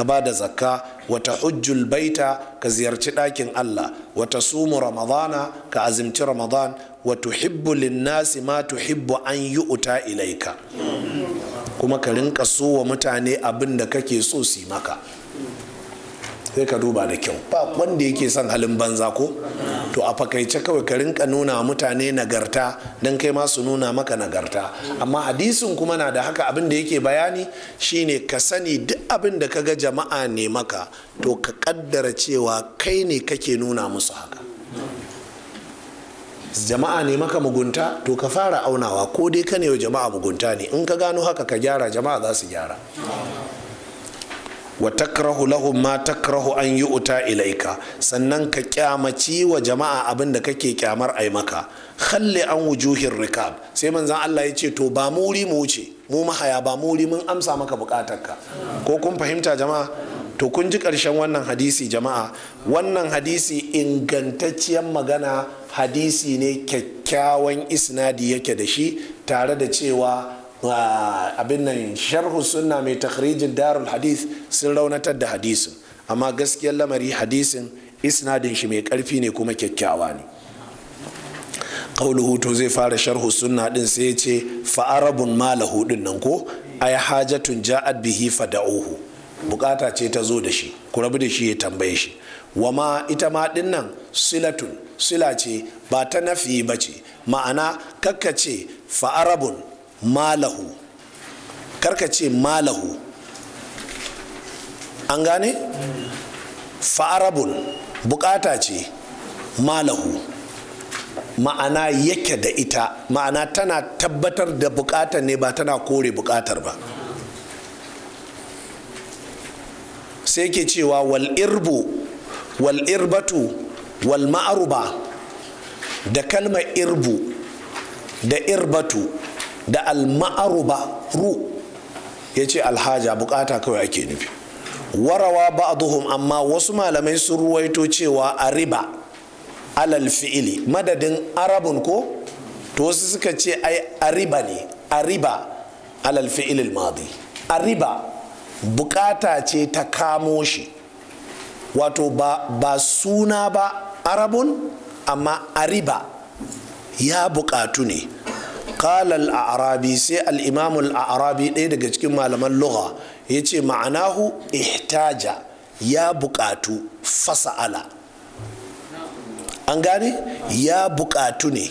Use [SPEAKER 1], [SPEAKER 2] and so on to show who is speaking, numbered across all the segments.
[SPEAKER 1] ka ba da zakka wata hujjul baita ka ziyarci ɗakin Allah wata sumu ramadana ka azimci ramadan wa tuhibbu linnasi ma tuhibbu an yi uta ilaika kuma ka rinka so wa mutane abin da kake so su maka sai ka duba da kyau ba wanda yake son halin banza ko to a fakaice kawai ka rinka nuna mutane nagarta don kai ma su nuna maka nagarta amma hadisin kuma na da haka abin da yake bayani shine ka sani duk abin da ka ga jama'a ne maka to ka kaddara cewa kai ne kake nuna musu haka jama'a ne maka mugunta to ka fara aunawa ko dai ka ne jama'a mugunta ne in ka gano haka ka gyara jama'a za su gyara wa takrahu lahum ma takrahu an yi yu'ta ilaika sannan ka kyamaci wa jama'a abin da kake kyamar ai maka khalli an wujuhin rikab sai manzon Allah ya ce to ba muri mu wuce mu mahaya ba muri mun amsa maka ka. ko kun fahimta jama'a to kun ji karshen wannan hadisi jama'a wannan hadisi ingantacciyar magana hadisi ne kyakkyawan isnadi yake da shi tare da cewa abin nan sharhu sunna mai takhrijin darul hadith sun raunatar da hadisin amma gaskiyar lamari hadisin isnadin shi mai karfi ne kuma kyakkyawa ne kauluhu to zai fara sharhu sunna din sai ya ce fa'arabun malahu din nan ko ai hajatun ja'at bihi fada'uhu bukata ce ta zo da shi ku rabu da shi ya tambaye shi wa ma ita ma din nan silatun sila ce ba ta nafi ba ce ma'ana kakkace fa'arabun malahu karka ce malahu an gane fa'arabun bukata ce malahu ma'ana yake da ita ma'ana tana tabbatar da bukatar ne ba tana kore bukatar ba sai ke cewa wal irbu wal irbatu wal ma'aruba da kalmar irbu da irbatu da alma'aruba ru ya ce alhaja bukata kawai ake nufi warawa ba'duhum amma wasu malamai sun ruwaito cewa a riba alal fi'ili madadin arabun ko to wasu suka ce ai ariba ne ariba alal fi'ili madi ariba bukata ce ta kamo shi wato ba, ba suna ba arabun amma ariba ya bukatu ne qala al-a'rabi sai al-imam arabi ɗaya daga cikin malaman lugha yace ma'anahu ihtaja ya buƙatu fasa'ala an gane ya buƙatu ne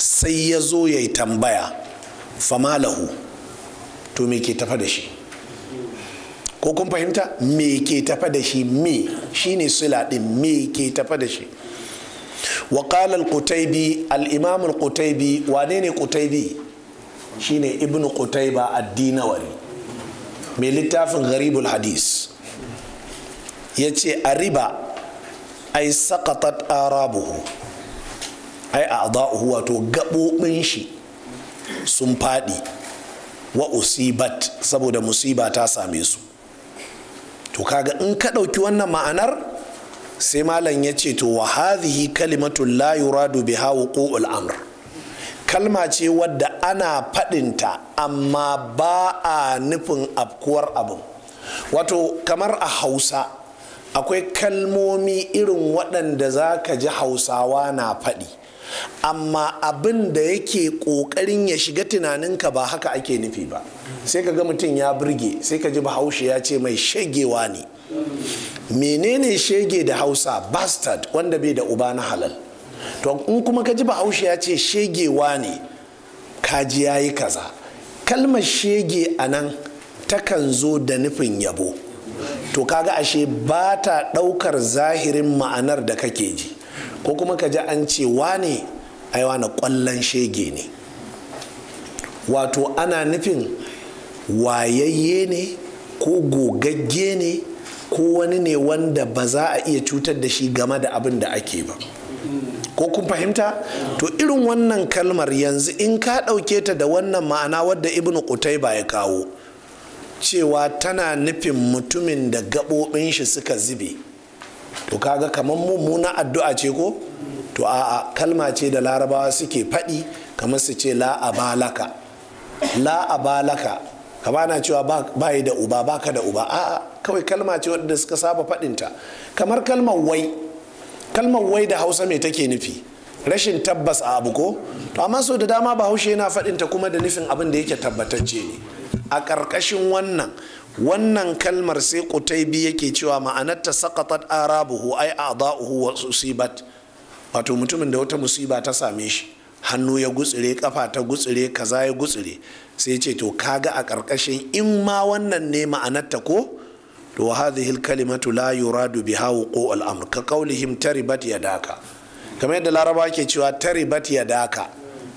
[SPEAKER 1] sai ya zo ya yi tambaya famalahu to me ke tafa da shi ko kun fahimta me ke tafa da shi me shine sila ɗin me ke tafa da shi wa qala al-qutaybi al-imam al-qutaybi wane ne qutaybi shine ibnu qutayba ad-dinawari mai littafin gharibul hadis yace ariba ai saqatat arabuhu ai a'dahu wato gabobin shi sun fadi wa usibat saboda musiba ta same su to kaga in ka ɗauki wannan ma'anar sai malam ya ce to wa hadhihi kalimatu la yuradu biha wuqu'ul amr kalma ce wadda ana faɗinta amma ba a nufin afkuwar abu wato kamar a hausa akwai kalmomi irin waɗanda za ka ji hausawa na faɗi amma abin da yake ƙoƙarin ya shiga tunaninka ba haka ake nufi ba sai ka ga mutum ya burge sai ka ji bahaushe ya ce mai shagewa ne menene shege da hausa bastard wanda bai da uba na halal to in kuma ka ji bahaushe ya ce shegewa ne kaji ya yi kaza kalmar shege a nan takan zo da nufin yabo to kaga ashe ba ta ɗaukar zahirin ma'anar da kake ji ko kuma ka ji an ce wane aiwa na kwallon shege ne wato ana nufin wayayye ne ko gogagge ne ko wani ne wanda ba za a iya cutar da shi game da abin da ake ba ko kun fahimta to irin wannan kalmar yanzu in ka ɗauke ta da wannan ma'ana wadda ibnu ba ya kawo cewa tana nufin mutumin da gaɓoɓin shi suka zube to kaga kamar mummuna addu'a ce ko to a'a kalma ce da larabawa suke faɗi kamar su ce la balaka, la balaka. Ka ba na cewa ba yi da uba baka da uba a'a kawai kalma ce wadda suka saba faɗinta kamar kalmar wai kalmar wai da hausa mai take nufi rashin tabbas a abu ko to amma so da dama bahaushe yana faɗinta kuma da nufin abin da yake tabbatacce ne a ƙarƙashin wannan wannan kalmar sai kutaibi yake cewa ma'anar ma'anarta sakatat arabuhu ai a'dahu wa usibat wato mutumin da wata musiba ta same shi hannu ya gutsire kafa ta gutsire kaza ya gutsire sai ce to kaga a ƙarƙashin in ma wannan ne ma'anarta ko to hadhihi kalimatu la yuradu biha wuqu al-amr ka qawlihim taribat yadaka kamar yadda laraba ke cewa taribat yadaka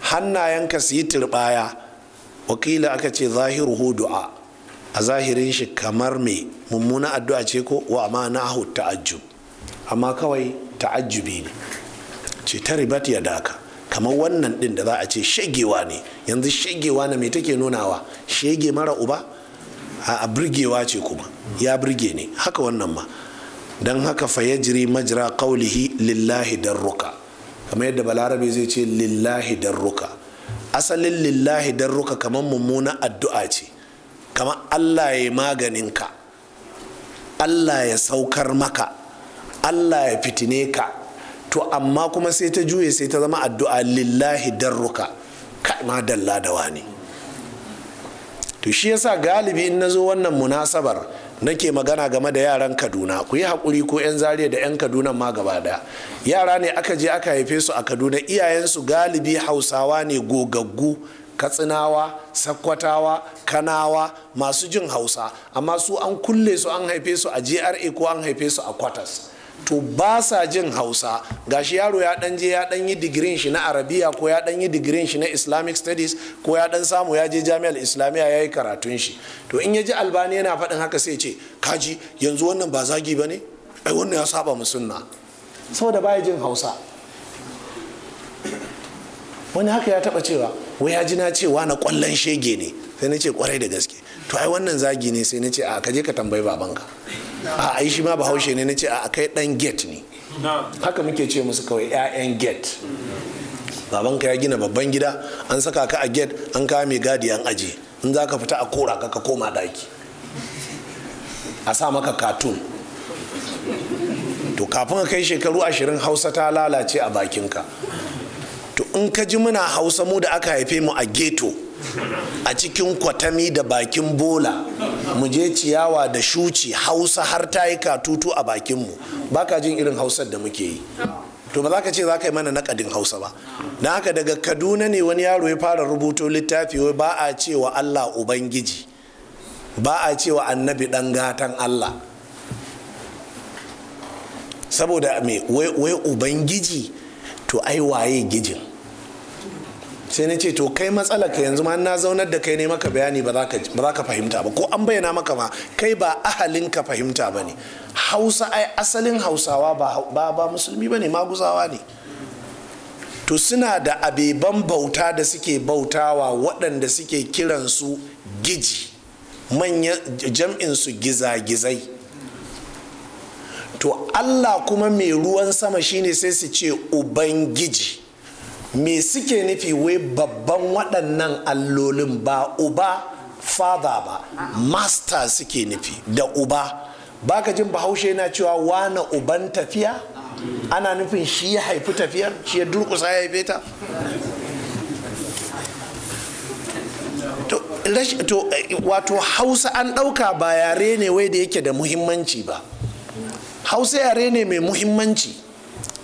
[SPEAKER 1] hannayenka su yi turbaya wakila aka ce zahiruhu du'a a zahirin shi kamar me mummuna addu'a ce ko wa ma'anahu ta'ajjub amma kawai ta'ajjubi ne ce taribat yadaka kamar wannan din da za a ce shagewa ne yanzu shagewa na mai take nunawa shege mara uba a birgewa ce kuma ya birge ne haka wannan ma don haka fayajiri majira kaulihi lillahi darruka kamar yadda balarabe zai ce lillahi darruka asalin lillahi darruka kamar mummuna addu'a ce kamar allah ya maganin ka allah ya saukar maka allah ya fitine ka to amma kuma sai ta juye sai ta zama addu'a lillahi darruka ma dalla da wani to shi yasa galibi in nazo wannan munasabar nake magana game da yaran kaduna ku yi haƙuri ko 'yan zariya da 'yan kaduna ma gaba daya yara ne aka je aka haife su a kaduna iyayensu galibi hausawa ne gogaggu katsinawa sakkwatawa kanawa masu jin hausa amma su an kulle su an haife su a gra ko an haife su a kwatas to ba sa jin hausa gashi yaro ya dan je ya dan yi digirin shi na arabiya ko ya dan yi digirin shi na islamic studies ko ya dan samu ya je jami'ar islamiyya ya yi karatun shi to in ya ji albani yana faɗin haka sai ce kaji yanzu wannan ba zagi ba ne ai wannan ya saba mu sunna saboda baya jin hausa wani haka ya taba cewa wai ya ji na cewa na kwallon shege ne sai na ce kwarai da gaske to ai wannan zagi ne sai na ce a kaje ka tambayi babanka a ai shi ma bahaushe ne na ce a kai dan get ne haka muke ce musu kawai 'ya'yan get. babanka ya gina babban gida an saka ka a get an kawo mai gadi an aje in za ka fita a kora ka ka koma daki a sa maka katun to kafin ka kai shekaru ashirin hausa ta lalace a bakinka to in ka ji muna hausa mu da aka haife mu a ghetto, a cikin kwatami da bakin bola mu je ciyawa da shuci hausa har ta yi katutu a bakinmu ba ka jin irin hausar da muke yi to ba za ka ce za ka yi mana nakadin hausa ba na haka daga kaduna ne wani yaro ya fara rubuto littafi wai ba a cewa allah ubangiji ba a cewa annabi dan gatan allah saboda me wai ubangiji to ai waye gijin sai na ce to kai matsala ka yanzu ma na zaunar da kai ne maka bayani ba za ka fahimta ba ko an bayyana maka ma kai ba ahalin ka fahimta ba ne hausa ai asalin hausawa ba ba musulmi ba ne maguzawa ne to suna da abeban bauta da suke bautawa waɗanda suke kiransu giji manyan su gizagizai to allah kuma mai ruwan sama shine sai su ce ubangiji me suke nufi wai babban waɗannan allolin ba uba father ba master suke nufi da uba baka jin bahaushe yana cewa wana uban tafiya ana nufin shi ya haifi tafiyar shi ya durkusa ya haife ta wato hausa an ɗauka ba yare ne wai da yake da muhimmanci ba hausa yare ne mai muhimmanci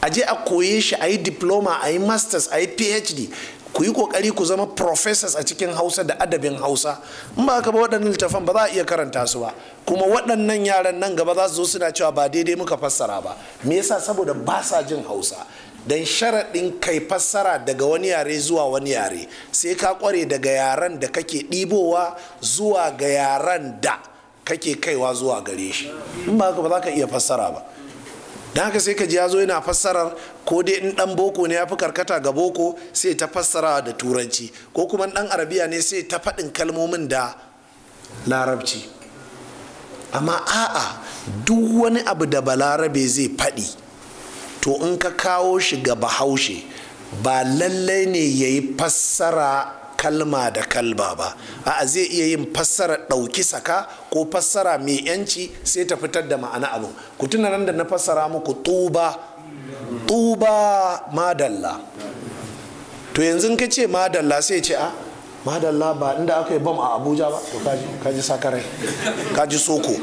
[SPEAKER 1] a je a koye shi a yi diploma a yi masters a yi phd ku yi kokari ku zama professors a cikin hausa da adabin hausa in ba ka ba waɗannan littafan ba za a iya karanta su ba kuma waɗannan yaran nan gaba za su zo suna cewa ba daidai muka fassara ba me yasa saboda ba sa jin hausa dan sharaɗin kai fassara daga wani yare zuwa wani yare sai ka kware daga yaran da kake ɗibowa zuwa ga yaran da kake kaiwa zuwa gare shi in ba ka ba za ka iya fassara ba don haka sai ka ji ya zo yana fassarar ko dai in dan boko ne ya fi karkata ga boko sai ta fassara da turanci ko kuma dan arabiya ne sai ta faɗin kalmomin da larabci amma a'a duk wani abu da balarabe zai faɗi to in ka kawo shi ga bahaushe ba lallai ne ya yi fassara kalma da kalba ba a zai iya yin fassara ɗauki saka ko fassara mai yanci sai ta fitar da ma'ana abu ku tuna nan da na fassara muku tuba tuba madalla to yanzu ka ce madalla sai ce a ah, madalla ba inda aka yi bam a abuja ba to kaji kaji sakarai kaji soko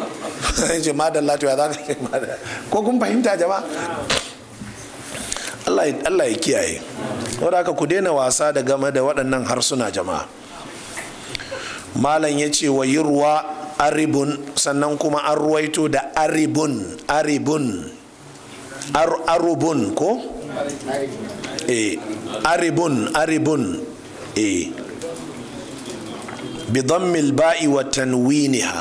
[SPEAKER 1] ji madalla to ya za ka ce madalla ko kun fahimta jama'a Allah ya kiyaye wadda aka ku daina wasa da game da waɗannan harsuna jama'a malam ya ce wa yi ruwa aribun sannan kuma an ruwaito da aribun aribun arubun ko? eh aribun aribun eh. Bidon mil ba'i wa tanwiniha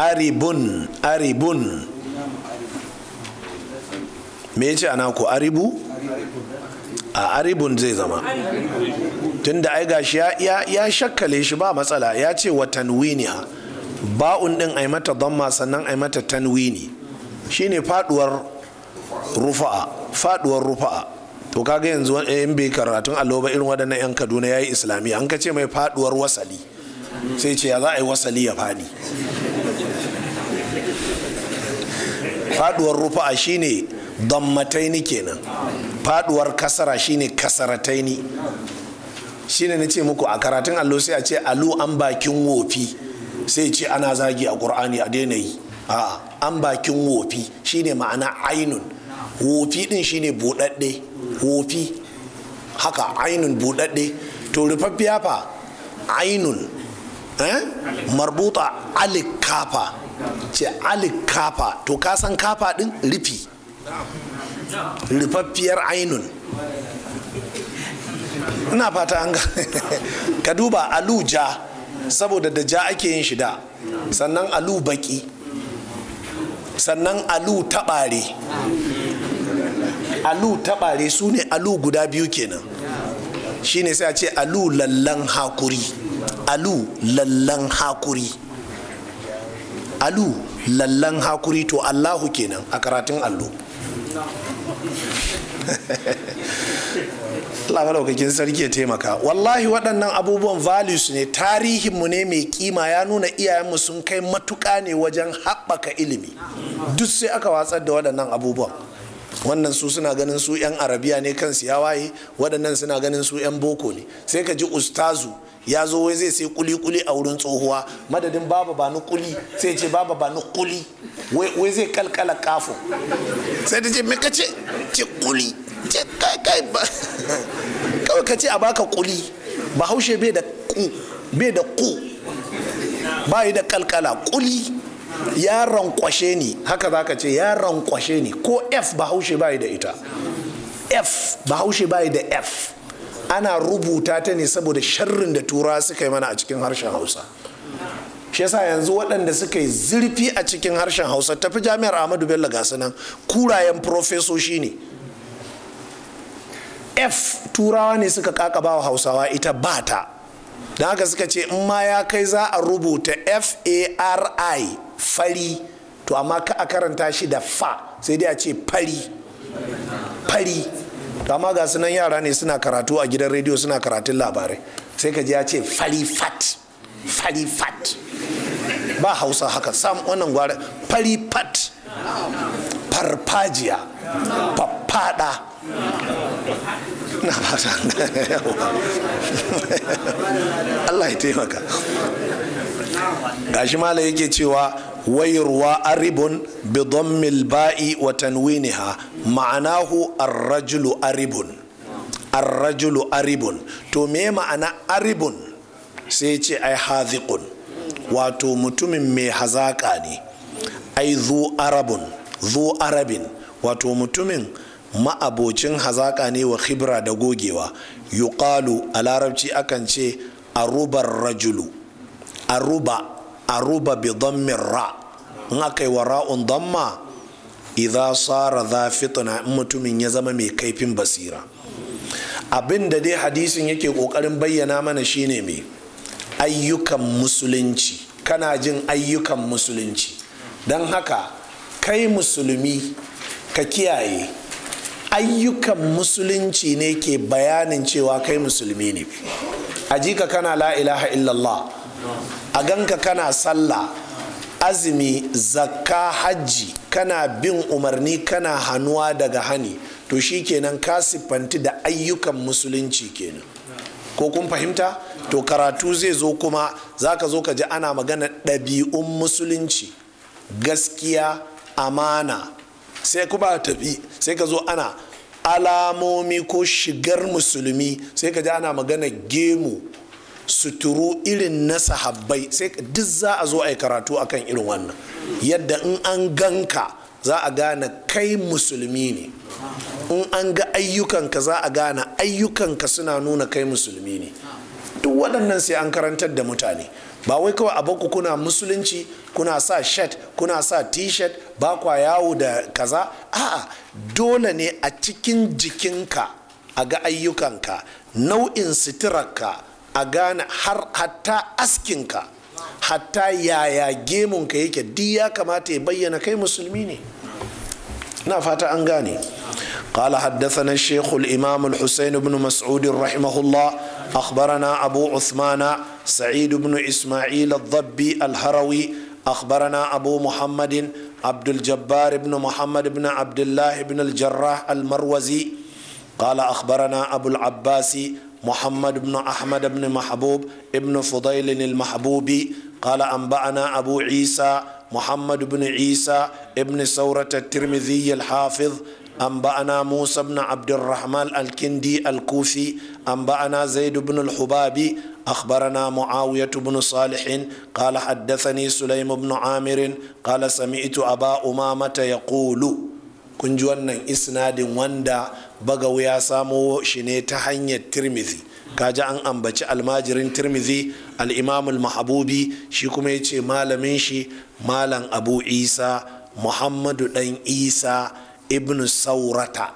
[SPEAKER 1] aribun aribun me ce ana ku aribu a aribun zai zama tunda ai gashi ya shakkale shi ba matsala ya ce wa ha ba'un din ai mata damma sannan ai mata tanwini shine faduwar rufa'a faduwar rufa'a to kaga yanzu yan eh, bai karatun allo ba irin waɗannan yan kaduna yayi islamiyya an ka ce mai faduwar wasali sai ce ya za a yi wasali ya fadi faduwar rufa'a shine dammataini kenan faduwar kasara shine kasarataini shine na ce muku a karatun allo sai a ce alu an bakin wofi sai ce ana zagi a ƙur'ani a daina yi an bakin wofi shine ma'ana ainun wofi din shine buɗaɗɗe wofi haka ainun buɗaɗɗe to rufaffiya fa ainun eh? marbuta alikafa ce alikafa to ka san kafa din rufi rufaffiyar ainun ina fata an ka duba alu ja saboda da ja ake yin shida sannan alu baki sannan alu taɓare alu taɓare su ne alu guda biyu kenan shine sai a ce alu lallan hakuri alu lallan hakuri alu lallan hakuri to allahu kenan a karatun allo Allah sarki ya taimaka wallahi waɗannan abubuwan values ne tarihinmu ne mai kima ya nuna iyayenmu sun kai matuƙa ne wajen haɓaka ilimi duk sai aka watsar da waɗannan abubuwan wannan su suna ganin su 'yan arabiya ne kansu ya waye waɗannan suna ganin su 'yan boko ne sai ka ji ustazu ya zo wai zai sai kuli-kuli a wurin tsohuwa madadin baba ba ni kuli sai ce baba ba ni kuli wai zai kalkala kafo sai ta ce me ka ce kuli ce kai kai ba kawai ka ce a baka kuli ba haushe bai da ku bai da ku da kalkala kuli ya rankwashe ni haka za ka ce ya rankwashe ni ko f ba haushe bai da ita f ba haushe bai da f ana rubuta ta ne saboda sharrin da tura suka yi mana a cikin harshen hausa shi yasa yanzu waɗanda suka yi zirfi a cikin harshen hausa tafi jami'ar ahmadu bello ga nan kurayen profesoshi ne f turawa ne suka kakaba wa hausawa ita bata. ta don haka suka ce in ma ya kai za a rubuta f-a-r-i fari to amma ka a karanta shi da fa sai dai a ce fari fari amma ga sunan yara ne suna karatu a gidan rediyo suna karatun labarai sai ka ji ya ce falifat falifat. ba hausa haka sam wannan gwara falifat farfajiya faffada na fata Allah ya taimaka gashi mala yake cewa wayarwa aribun bi mil ba'i wa tanwiniha ma'anahu hu rajulu aribun arrajulu aribun to me ma'ana aribun sai ce ai haziqun wato mutumin mai hazaka ne ai zu zu arabin wato mutumin ma'abocin hazaka ne wa khibra da gogewa yuqalu a larabci akan ce arubar rajulu aruba aruba bi dhammin ra in aka yi wa ra'un dhamma idza sara za fitna in mutumin ya zama mai kaifin basira abin da dai hadisin yake kokarin bayyana mana shine mai ayyukan musulunci kana jin ayyukan musulunci don haka kai musulmi ka kiyaye ayyukan musulunci ne ke bayanin cewa kai musulmi ne ajika ka kana la ilaha illallah a ganka kana sallah azumi zakka hajji kana bin umarni kana hannuwa daga hani to shi kenan ka siffanti da ayyukan musulunci kenan ko kun fahimta to karatu zai zo kuma za ka zo ka ji ana magana ɗabi'un musulunci gaskiya amana sai kuma tafi sai ka zo ana alamomi ko shigar musulmi sai ka ji ana magana gemu suturu irin na sahabbai sai duk za a zo a yi karatu akan irin wannan yadda in an ganka za a gane kai musulmi ne in an ga ayyukanka za a gane ayyukanka suna nuna kai musulmi ne duk waɗannan sai an karantar da mutane ba wai kawai a baku kuna musulunci kuna sa shirt kuna sa t-shirt ba kwa yawo da kaza a'a dole ne a cikin jikinka a ga ayyukanka nau'in suturarka a gane har hatta askinka hatta yaya gemunka yake di ya kamata ya bayyana kai musulmi ne na fata an gane قال حدثنا الشيخ الإمام الحسين بن مسعود رحمه الله أخبرنا أبو عثمان سعيد بن إسماعيل الضبي الهروي أخبرنا أبو محمد عبد الجبار بن محمد بن عبد الله بن الجراح المروزي قال أخبرنا أبو العباس محمد بن أحمد بن محبوب ابن فضيل المحبوبي قال أنبأنا أبو عيسى محمد بن عيسى ابن سورة الترمذي الحافظ أنبأنا موسى بن عبد الرحمن الكندي الكوفي أنبأنا زيد بن الحبابي أخبرنا معاوية بن صالح قال حدثني سليم بن عامر قال سمعت أبا أمامة يقول كنجوانا إسناد واندا bagaw ya samo shi ne ta hanyar tirmizi kaji an ambaci almajirin tirmizi al'imamul mahabubi shi kuma ya ce malamin shi malam abu isa muhammadu dan isa ibn saurata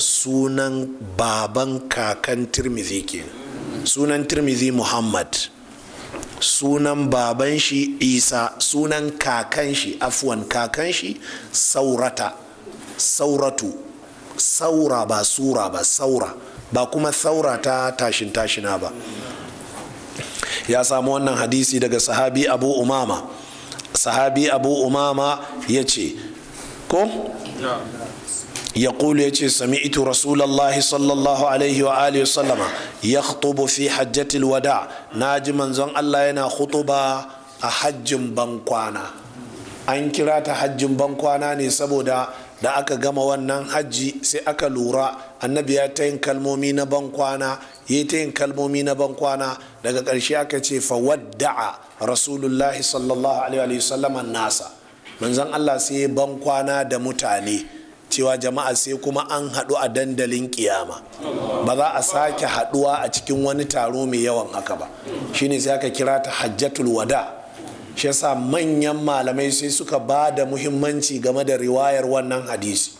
[SPEAKER 1] sunan baban kakan tirmizi ke sunan tirmizi muhammad sunan baban shi isa sunan kakan shi afwan kakan shi saurata sauratu saura ba sura ba saura ba kuma saura ta tashin tashina ba ya samu wannan hadisi daga sahabi abu umama sahabi abu umama ya ce ko ya kulu ya ce sami itu rasulallahi sallallahu alaihi wa alihi sallama ya khutubu fi hajjatil wada na ji manzon allah yana khutuba a hajjin bankwana an kira ta hajjin bankwana ne saboda da aka gama wannan hajji sai aka lura annabi ya ta yin kalmomi na bankwana ya ta yin kalmomi na bankwana daga ƙarshe aka ce fa wadda'a rasulullahi sallallahu alaihi wasallam nasa manzon Allah sai bankwana da mutane cewa jama'a sai kuma an haɗu a dandalin kiyama ba za a sake haɗuwa a cikin wani taro mai yawan haka ba shine sai aka kira ta hajjatul wada' shi yasa manyan malamai sai suka ba da muhimmanci game da riwayar wannan hadisi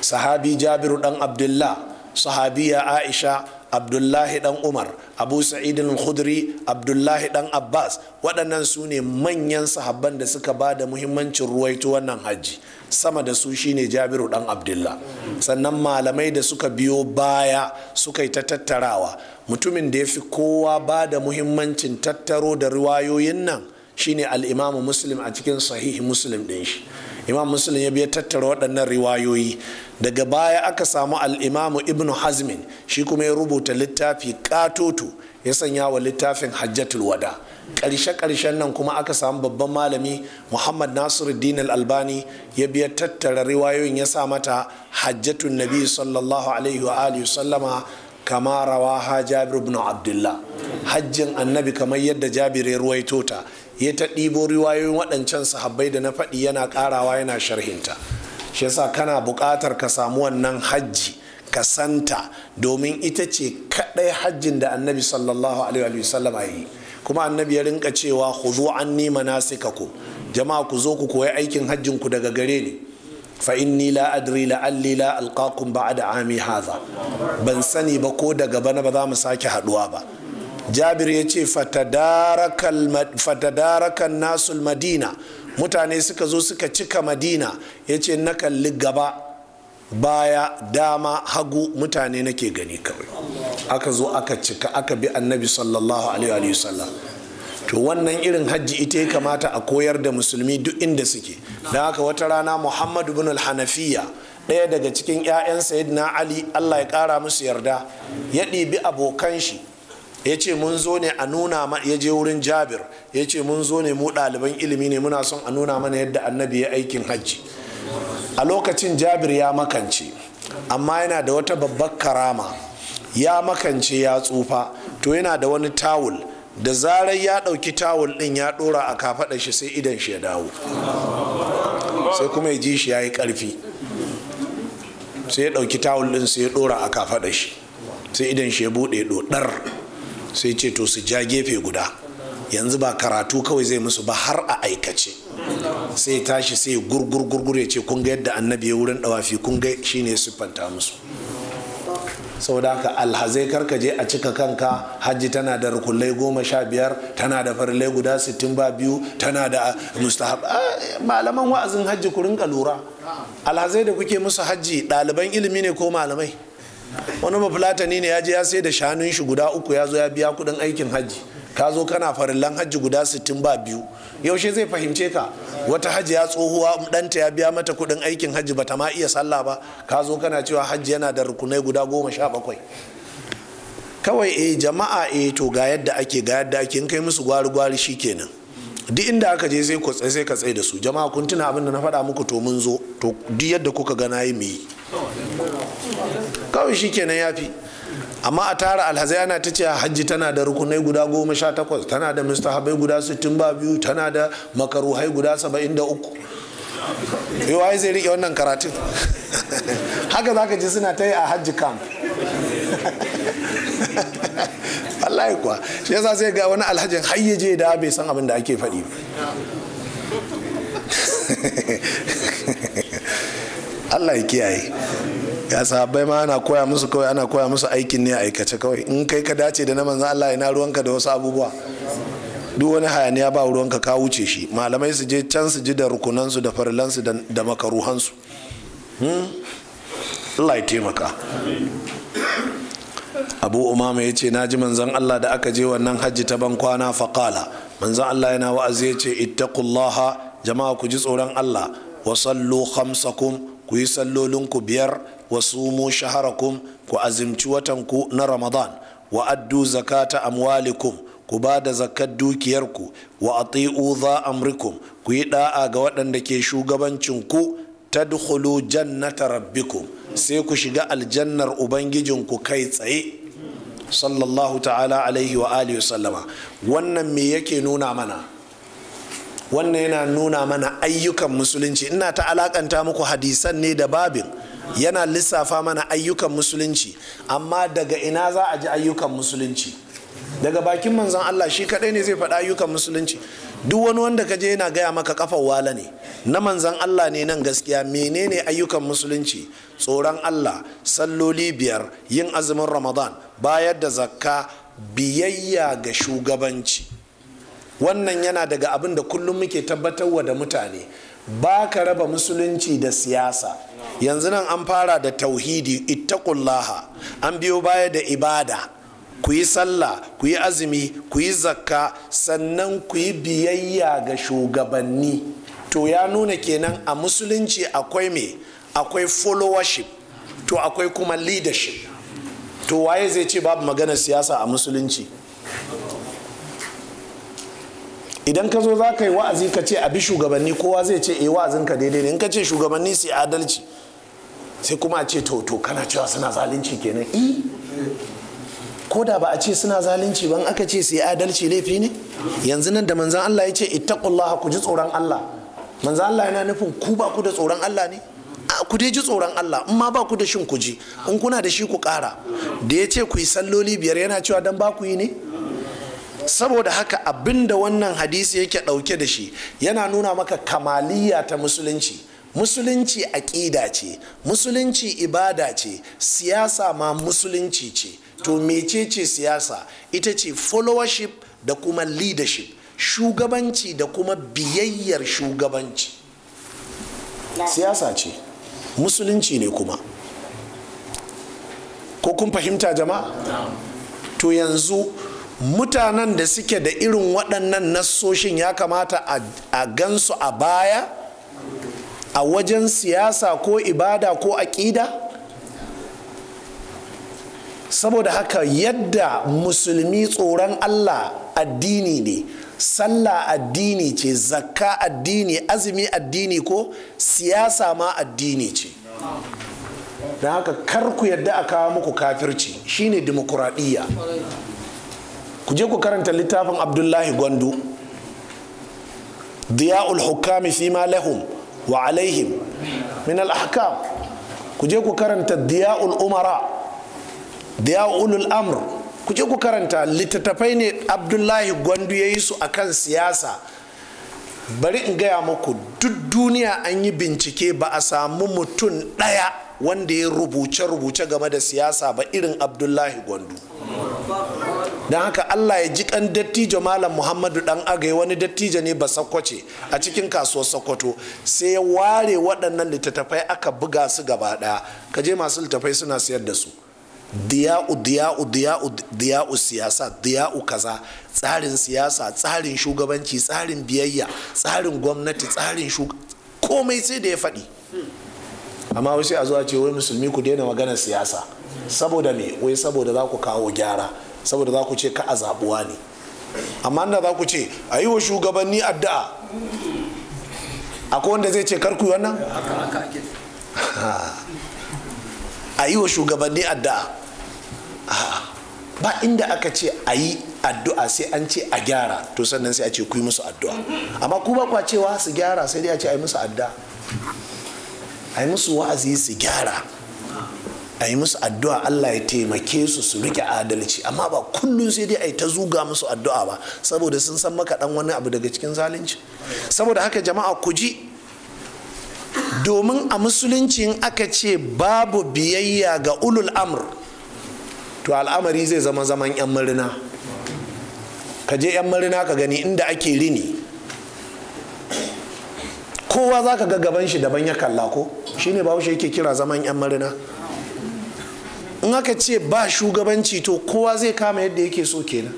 [SPEAKER 1] sahabi jabiru dan abdullah sahabiya aisha abdullahi dan umar abu sa'idin khudri abdullahi dan abbas waɗannan su ne manyan sahabban da suka ba da muhimmancin ruwaito wannan hajji sama da su shine jabiru dan abdullah sannan malamai da suka biyo baya suka yi ta tattarawa mutumin da ya fi kowa ba da muhimmancin tattaro da riwayoyin nan shine al'imamu muslim a cikin sahihi muslim ɗin shi imam muslim ya biya tattara waɗannan riwayoyi daga baya aka samu al'imamu ibnu hazmin shi kuma ya rubuta littafi katoto ya sanya wa littafin hajjatul wada Karshe-karshen nan kuma aka samu babban malami muhammad nasiruddin al-albani ya biya tattara riwayoyin ya sa mata hajjatun nabi sallallahu alaihi wa alihi sallama kama rawaha jabir ibn abdullah hajjin annabi kamar yadda jabir ya ruwaito ta ya ta ɗibo riwayoyin waɗancan sahabbai da na faɗi yana ƙarawa yana sharhinta shi yasa kana buƙatar ka samu wannan hajji ka santa domin ita ce kaɗai hajjin da annabi sallallahu alaihi wasallam yi kuma annabi ya rinka cewa ku zo an nima ku jama'a ku zo ku koyi aikin hajjin ku daga gare ni fa inni la adri la alli la alqaqum ba'da ami hadha ban sani ba ko daga bana ba za mu sake haduwa ba jabir ya ce fatadarakan nasul madina mutane suka zo suka cika madina ya ce na kalli gaba baya dama hagu mutane nake gani kawai aka zo aka cika aka bi annabi sallallahu alaihi wasallam to wannan irin hajji ita ya kamata a koyar da musulmi duk inda suke don haka wata rana muhammadu bin al ɗaya daga cikin 'ya'yan sayyidina ali allah ya ƙara musu yarda ya ɗibi abokan shi ya ce mun zo ne a nuna ma ya je wurin jabir ya ce mun zo ne mu ɗaliban ilimi ne muna son a nuna mana yadda annabi ya aikin hajji a lokacin jabir ya makance amma yana da wata babbar karama ya makance ya tsufa to yana da wani tawul da zarar ya ɗauki tawul ɗin ya ɗora a kafaɗa shi sai idan shi ya dawo sai kuma ya ji shi ya yi ƙarfi sai ya ɗauki tawul ɗin sai ya ɗora a kafaɗa shi sai idan shi ya buɗe ɗoɗar sai ce to su ja gefe guda yanzu ba karatu kawai zai musu ba har a aikace sai tashi sai gurgur gurgur ya ce kun ga yadda annabi ya wurin dawafi kun ga shine siffanta musu saboda haka alhazai karka je a cika kanka hajji tana da rukunai goma sha biyar tana da farilai guda sittin ba biyu tana da ah, mustahab ah, malaman wa'azin hajji ku rinka lura alhazai da kuke musu hajji ɗaliban ilimi ne ko malamai wani bafulatani ne ya je ya sai da shanun shi guda uku ya zo ya biya kudin aikin hajji ka zo kana farillan hajji guda sittin ba biyu yaushe zai fahimce ka wata hajji ya tsohuwa danta ya biya mata kudin aikin hajji bata ma iya sallah ba ka zo kana cewa hajji yana da rukunai guda goma sha bakwai kawai eh jama'a eh to ga yadda ake ga yadda ake in kai musu gwari gwari kenan duk inda aka je sai ku sai ka tsaye da su jama'a kun tuna abin da na faɗa muku to mun zo to duk yadda kuka ga nayi mu yi kawai shi kenan ya fi amma a tara alhazai ana ta ce hajji tana da rukunai guda goma sha takwas tana da mustahabai guda sittin ba biyu tana da makaruhai guda saba'in da uku yau ai zai riƙe wannan karatun haka za ka ji suna ta yi a hajji camp wallahi kuwa shi yasa sai ga wani alhajin hayyaje je da bai san abin da ake faɗi Allah ya kiyaye ya sahabbai ma ana koya musu kawai ana koya musu aikin ne a aikace kawai in kai ka dace da na manzan Allah ina ruwanka da wasu abubuwa duk wani hayaniya ba ruwanka ka wuce shi malamai su je can su ji da rukunansu da farilansu da makaruhansu hmm? Allah ya taimaka abu umama ya ce na ji manzan Allah da aka je wannan hajji ta ban kwana faƙala manzan Allah yana wa'azi ya ce ittaqullaha jama'a ku ji tsoron Allah wa sallu khamsakum ku yi sallolinku biyar wa sumu shaharakum ku azimci watanku na ramadan wa addu zakata amwalikum ku ba da zakat dukiyarku wa ati'u za amrikum ku yi da'a ga waɗanda ke shugabancinku tadkhulu jannata rabbikum sai ku shiga aljannar ubangijinku kai tsaye sallallahu ta'ala alaihi wa alihi wa sallama wannan me yake nuna mana wannan yana nuna mana ayyukan musulunci ina ta alakanta muku hadisan ne da babin yana lissafa mana ayyukan musulunci amma daga ina za a ji ayyukan musulunci daga bakin manzon Allah shi kadai ne zai faɗa ayyukan musulunci duk wani wanda ka je yana gaya maka kafar wala ne na manzon Allah ne nan gaskiya menene ayyukan musulunci tsoron Allah salloli biyar yin azumin Ramadan bayar da zakka biyayya ga shugabanci wannan yana daga abin da kullum muke tabbatarwa da mutane ba ka raba musulunci da siyasa yanzu nan an fara da tauhidi ita ittaqullaha an biyo baya da ibada ku yi sallah ku yi azumi ku yi zakka sannan ku yi biyayya ga shugabanni to ya nuna kenan a musulunci akwai me akwai followership to akwai kuma leadership to waye zai ce babu magana siyasa a musulunci idan ka zo za ka yi wa'azi ka ce a bi shugabanni kowa zai ce eh wa'azin ka daidai ne in ka ce shugabanni su adalci sai kuma a ce to to kana cewa suna zalunci kenan i ko da ba a ce suna zalunci ban aka ce su adalci laifi ne yanzu nan da manzan Allah ya ce ittaqullaha ku ji tsoron Allah manzan Allah yana nufin ku ba ku da tsoron Allah ne ku dai ji tsoron Allah in ma ba ku da shin ku ji in kuna da shi ku kara. da ya ce ku yi salloli biyar yana cewa dan ba ku yi ne saboda haka abinda wannan hadisi yake ɗauke da shi yana nuna maka kamaliya ta musulunci musulunci aƙida ce musulunci ibada ce siyasa ma musulunci ce to mecece siyasa ita ce followership da kuma leadership shugabanci da kuma biyayyar shugabanci siyasa ce musulunci ne kuma ko kun fahimta jama'a to yanzu mutanen da suke da irin waɗannan nassoshin ya kamata a gansu a baya a wajen siyasa ko ibada ko aƙida saboda haka yadda musulmi tsoron allah addini ne sallah addini ce zakka addini azumi addini ko siyasa ma addini ce don haka kar ku yadda a kawo muku kafirci shine dimokuraɗiyya ku je ku karanta littafin abdullahi gwandu diya'ul hukami fi ma lahum wa alaihim min al ahkam ku je ku karanta diya'ul umara diya'ul amr ku je ku karanta littattafai ne abdullahi gwandu ya yi su akan siyasa bari in gaya muku duk duniya an yi bincike ba a samu mutum ɗaya wanda ya rubuce-rubuce game da siyasa ba irin abdullahi gwandu don haka allah ya ji kan dattijo malam muhammadu dan agai wani dattijo ne ba sakkwace a cikin kasuwar sokoto sai ya ware waɗannan littattafai aka buga su gaba ɗaya ka je masu littattafai suna siyar da su diya'u diya'u diya'u diya'u siyasa diya'u kaza tsarin siyasa tsarin shugabanci tsarin biyayya tsarin gwamnati tsarin komai sai da ya faɗi amma sai a zuwa ce wai musulmi ku daina magana siyasa saboda me wai saboda za ku kawo gyara saboda za ku ce ka a ne amma inda za ku ce a yi wa shugabanni addu'a akwai wanda zai ce karku wannan a yi wa shugabanni addu'a ba inda aka ce a yi addu'a sai an ce a gyara to sannan sai a ce ku yi musu addu'a amma ku ba kwa cewa su gyara sai dai a ce a yi musu addu'a a yi musu wa'azi su gyara a yi musu addu'a Allah ya taimake su su rike adalci amma ba kullum sai dai a yi ta zuga musu addu'a ba saboda sun san maka dan wani abu daga cikin zalunci saboda haka jama'a ku ji domin a musulunci in aka ce babu biyayya ga ulul amr to al'amari zai zama zaman yan marina ka je yan marina ka gani inda ake rini kowa za ka ga gaban shi daban ya kalla ko shine shi yake kira zaman yan marina in aka ce ba shugabanci to kowa zai kama yadda yake so kenan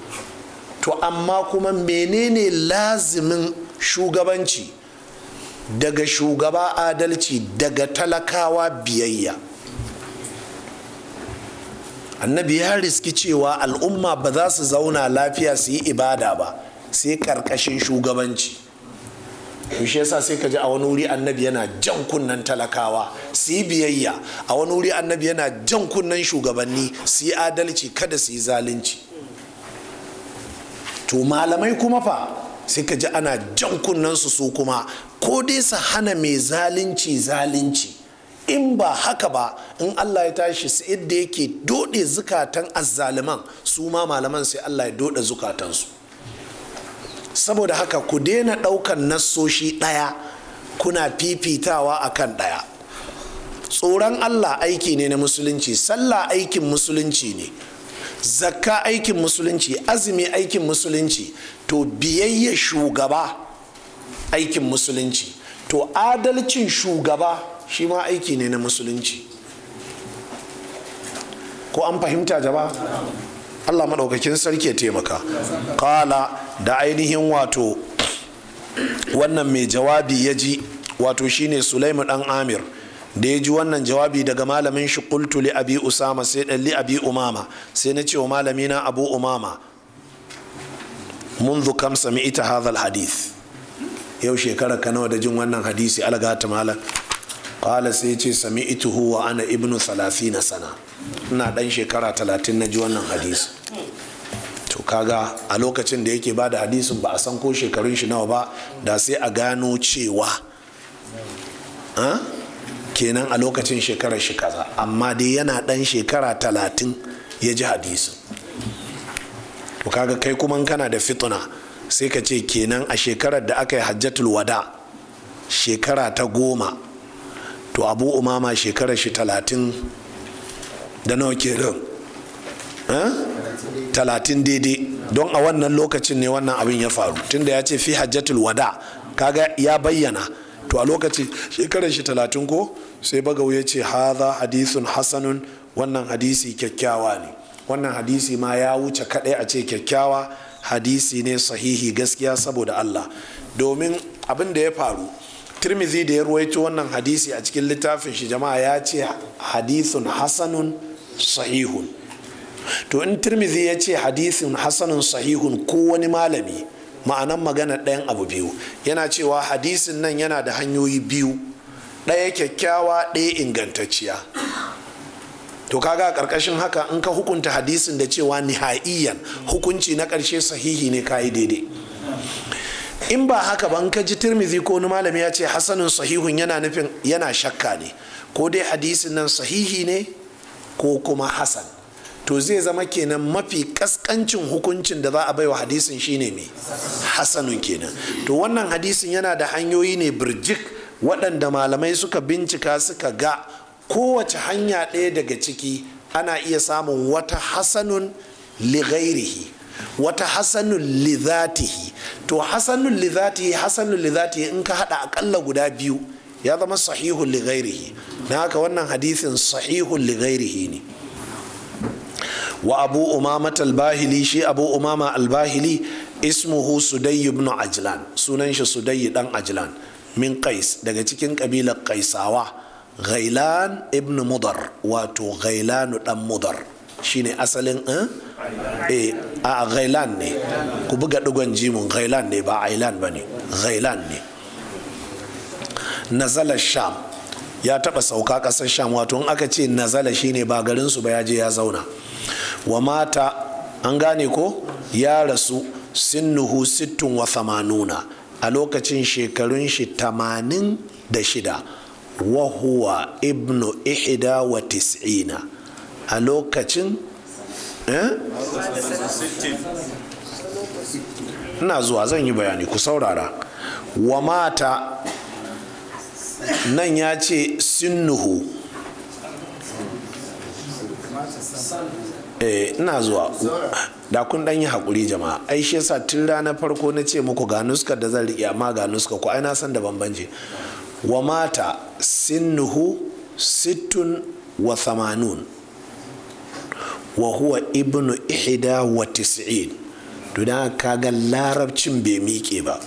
[SPEAKER 1] to amma kuma menene lazimin shugabanci daga shugaba adalci daga talakawa biyayya annabi ya riski cewa al'umma ba za su zauna lafiya su yi ibada ba sai karkashin shugabanci to shi yasa sai ka ji a wani wuri annabi yana jan kunnen talakawa su yi biyayya a wani wuri annabi yana jan kunnen shugabanni su yi adalci kada su yi zalunci to malamai kuma fa sai ka ji ana jan kunnen su su kuma ko dai su hana mai zalunci zalunci in ba haka ba in Allah ya tashi su yadda yake dode zukatan azzaliman su ma malaman sai Allah ya dode zukatansu saboda haka ku daina ɗaukan nassoshi ɗaya kuna fifitawa a kan ɗaya tsoron allah aiki ne na musulunci sallah aikin musulunci ne zakka aikin musulunci azumi aikin musulunci to biyayya shugaba aikin musulunci to adalcin shugaba shi ma aiki ne na musulunci ko an fahimta jama'a allah maɗaukakin sarki ya taimaka kala da ainihin wato wannan mai jawabi ya ji wato shine sulaimu dan amir da ya ji wannan jawabi daga malamin shi qultu li abi usama sai dan li abi umama sai na ce wa malami na abu umama منذ kam sami'ta hadha الحديث yau shekara ka nawa da jin wannan hadisi algata malam qala sai ce sami'tuhu wa ana ibnu 30 sana ina ɗan shekara talatin na ji wannan hadisi to kaga a lokacin da yake ba da hadisin ba a san ko shekarun shi nawa ba da sai a gano cewa kenan a lokacin shekarar shi kaza amma dai yana ɗan shekara talatin ya ji hadisin to kaga kai kuma kana da fituna sai ka ce kenan a shekarar da aka yi hajjatul wada shekara ta goma to abu umama shekarar shi talatin da nawa ke kenan talatin daidai don a wannan lokacin ne wannan abin ya faru tunda ya ce fi hajjatul wada kaga ya bayyana to a lokacin shekarar shi talatin ko sai bagau ya ce haza hadisun hasanun wannan hadisi kyakkyawa ne wannan hadisi ma ya wuce kadai a ce kyakkyawa hadisi ne sahihi gaskiya saboda Allah domin abin da ya faru tirmizi da ya ruwaito wannan hadisi a cikin littafin shi jama'a ya ce hadisun hasanun sahihun to in tirmidhi ya ce hadisin hasanun sahihun ko wani malami ma'anan magana ɗayan abu biyu yana cewa hadisin nan yana da hanyoyi biyu ɗaya kyakkyawa ɗaya ingantacciya to kaga a ƙarƙashin haka in ka hukunta hadisin da cewa niha'iyyan hukunci na ƙarshe sahihi ne yi daidai in ba haka ban ka ji tirmidhi ko wani malami ya ce hasanun sahihun yana nufin yana shakka ne ko dai hadisin nan sahihi ne ko kuma hasan to zai zama kenan mafi kaskancin hukuncin da za a baiwa hadisin shine mai hasanun kenan to wannan hadisin yana da hanyoyi ne birjik waɗanda malamai suka bincika suka ga kowace hanya ɗaya daga ciki ana iya samun wata hasanun lighairihi wata hasanun lizatihi to hasanun lizatihi hasanun lizatihi in ka haɗa akalla guda biyu ya zama sahihun li ghairihi na haka wannan hadisin sahihun li ghairihi ne wa abu umama albahili shi abu umama albahili ismuhu sudayy ibn ajlan sunan shi sudayy dan ajlan min qais daga cikin kabilar qaisawa ghailan ibn mudar wato ghailanu dan mudar shine asalin eh, eh a ghailan ne ku buga dugon jimin ghailan ne ba ailan bane ghailan ne nazala sham ya taba sauka kasar sham wato in aka ce nazala shine ba garin su ba ya je ya zauna wa mata an gane ko ya rasu sinnuhu sittun wa thamanuna a lokacin shekarun shi tamanin da shida wa huwa ibnu ihda wa tis'ina a lokacin eh? ina zuwa zan yi bayani ku saurara wa mata nan ya ce sinnuhu eh, ina zuwa da kun dan yi hakuri jama'a ai shi yasa tun ranar farko na ce muku ga nuskar da zan riƙe amma ga nuskar ku ai na san da banbanci. wa mata sinnuhu sittun wa thamanun wa huwa ibnu ihda wa tis'in to dan kaga larabcin bai miƙe ba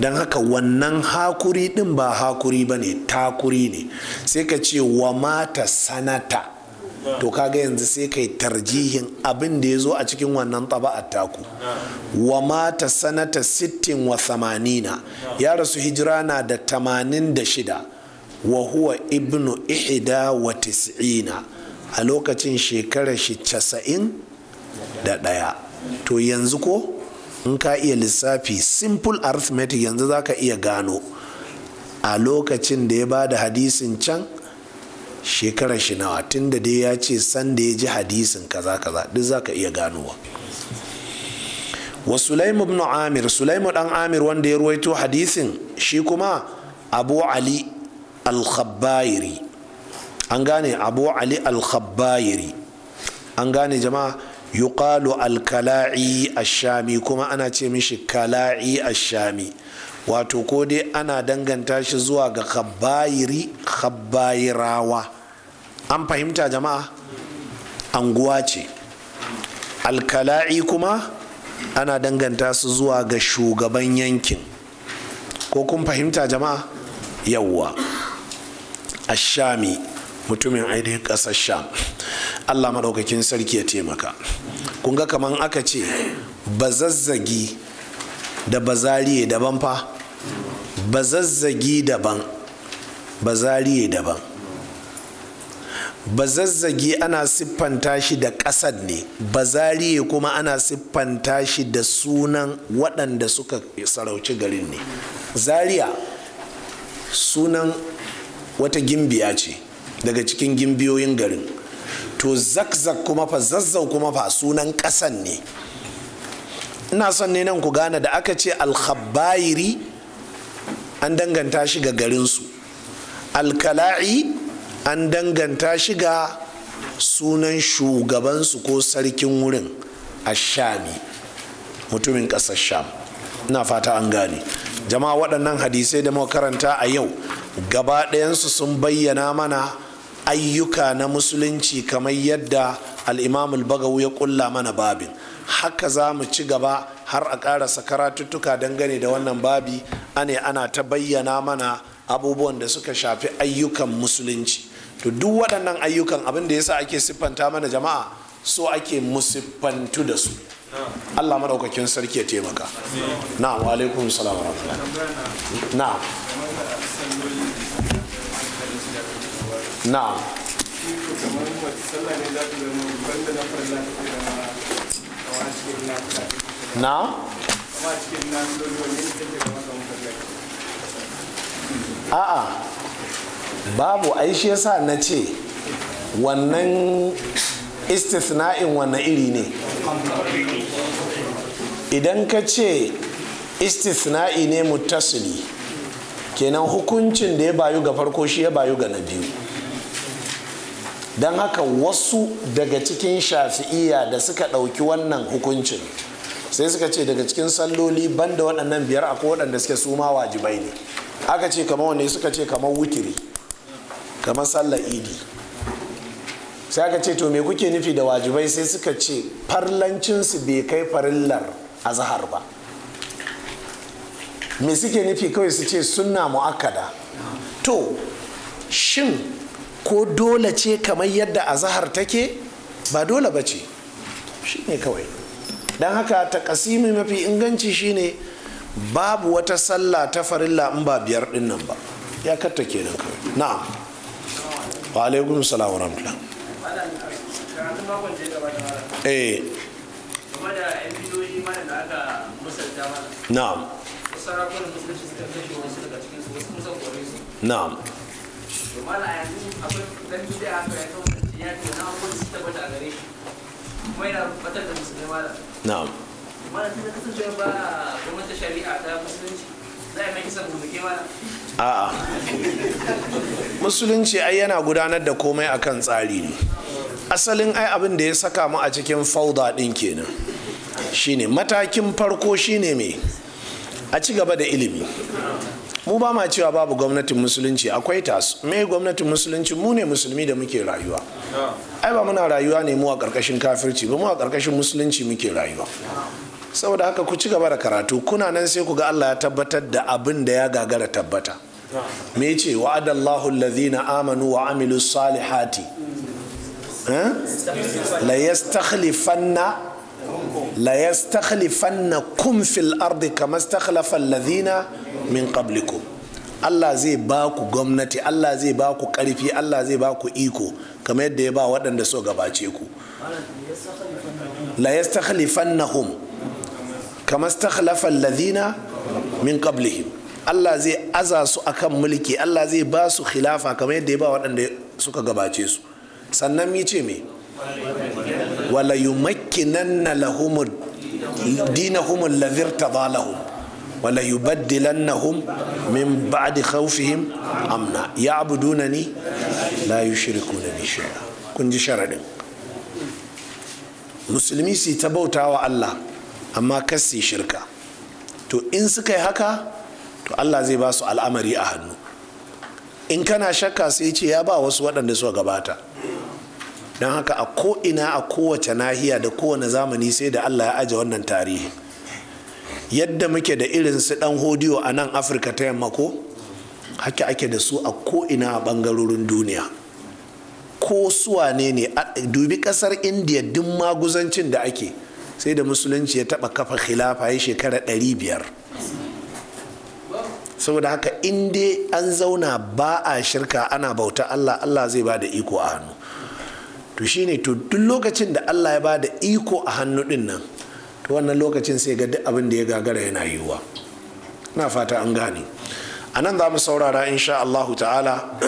[SPEAKER 1] don haka wannan hakuri din ba hakuri ba ne takuri ne sai ka ce wa mata sanata to kaga yanzu sai kai tarjihin abin da ya zo a cikin wannan taba'ar taku wa mata sanata sittin wa samanina ya rasu hijira na da tamanin da shida wa huwa ibnu ihida wa tis'ina a lokacin shekarar shi casa'in da ɗaya to yanzu ko in ka iya lissafi simple arithmetic yanzu za ka iya gano a lokacin da ya ba da hadisin can shekarar shi nawa tun dai ya ce sanda ya ji hadisin kaza kaza duk za ka iya ganowa wa sulaimu ibn amir sulaimu dan amir wanda ya ruwaito hadisin shi kuma abu ali al-khabbairi an gane abu ali al-khabbairi an gane jama'a yuqalu alkala'i ashami kuma ana ce mishi kala'i ashami wato ko dai ana danganta shi zuwa ga khabbayiri khabbayirawa an fahimta jama'a anguwa ce alkala'i kuma ana danganta su zuwa ga shugaban yankin ko kun fahimta jama'a yawwa ashami mutumin ainihin ƙasar sham allah madaukakin sarki ya taimaka kun ga kaman aka ce bazazzagi da bazariye daban fa bazazzagi daban bazariye daban bazazzagi ana siffanta shi da ƙasar ne bazariye kuma ana siffanta shi da sunan waɗanda suka sarauci garin ne Zariya sunan wata gimbiya ce daga cikin gimbiyoyin garin to zakzak kuma fa zazzau kuma fa sunan ƙasan ne ina son ne nan ku gane da aka ce alkhabairi an danganta shi ga garinsu alkala'i an danganta shi ga sunan shugabansu ko sarkin wurin a shami, mutumin ƙasar sham ina fata an gane jama'a waɗannan hadisai da makaranta karanta a yau gaba ɗayansu sun bayyana mana ayyuka na musulunci kamar yadda al'imamul bagawu ya kulla mana babin haka za mu ci gaba har a ƙarasa karatuttuka dangane da wannan babi ane ana ta bayyana mana abubuwan da suka shafi ayyukan musulunci to duk waɗannan ayyukan abin da yasa ake siffanta mana jama'a so ake musiffantu da su Allah maɗaukakin sarki ya taimaka. na wa alaikum salam wa Na? na a'a babu ai shi sa na ce wannan istisna'in wannan iri ne idan ka ce istisna'i ne muttasili kenan hukuncin da ya bayu ga farko shi ya bayu ga na biyu don haka wasu daga cikin shafi'iya da suka ɗauki wannan hukuncin sai suka ce daga cikin salloli banda waɗannan biyar akwai waɗanda suke su ma wajibai ne aka ce kamar wani suka ce kamar wutiri kamar sallar idi sai aka ce to me kuke nufi da wajibai sai suka ce farlancinsu bai kai farillar azahar ba me suke nufi kawai su ce sunna mu'akkada to shin ko dole ce kamar yadda azahar take ba dole ba ce shi ne kawai don haka ta takasimi mafi inganci shine babu wata sallah ta farilla in ba biyar dinnan ba ya katta kenan kawai na'am wa alaikum salam wa rahmatullah eh na'am na'am musulunci a'a musulunci ai yana gudanar da komai akan tsari ne asalin ai abin da ya saka mu a cikin fauda ɗin kenan shine matakin farko shine mai a ci gaba da ilimi mu ba ma cewa babu gwamnatin musulunci akwai tas me gwamnatin musulunci mu ne musulmi da muke rayuwa ai ba muna rayuwa ne mu a karkashin kafirci ba mu a karkashin musulunci muke rayuwa saboda haka ku ci gaba da karatu kuna nan sai ku ga Allah ya tabbatar da abin da ya gagara tabbata me ce wa'adallahu alladhina amanu wa amilu salihati eh? la yastakhlifanna la yastakhlifanna kum fil ardi kama istakhlafa alladhina min qablikum Allah zai ba ku gwamnati Allah zai ba ku ƙarfi Allah zai ba ku iko kamar yadda ya ba waɗanda so gabace ku la yastakhlifannahum kama stakhlafa alladhina min qablihim Allah zai aza su akan mulki Allah zai ba su khilafa kamar yadda ya ba waɗanda suka gabace su sannan mi ce me wala yumakkinanna lahum dinahum alladhi irtada lahum wala yubaddilannahum min ba'di khawfihim amna ya'budunani la yushrikuna bi shay'a kun ji sharadin musulmi su ta bauta wa Allah amma su shirka to in suka yi haka to Allah zai ba su al'amari a hannu in kana shakka sai ce ya ba wasu waɗanda suka gabata don haka a ko'ina a kowace nahiya da kowane zamani sai da Allah ya aje wannan tarihi yadda muke da irin su dan hodiyo a nan afirka ta yamma ko haka ake da su a ko ina a bangarorin duniya ko suwane ne dubi kasar indiya duk maguzancin da ake sai da musulunci ya taba kafa khilafa ya shekara 500 saboda haka inda an zauna ba a shirka ana bauta allah allah zai ba da iko a hannu to shine to duk lokacin da allah ya ba da iko a hannu din nan to wannan lokacin sai ga duk abin da ya gagara yana yiwuwa na fata an gane a nan za mu saurara sha Allahu ta'ala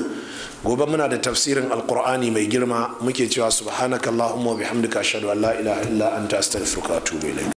[SPEAKER 1] gobe muna da tafsirin alkur'ani mai girma muke cewa subhanakallahumma wa bihamdika ashhadu an la ilaha illa anta astaghfiruka wa atubu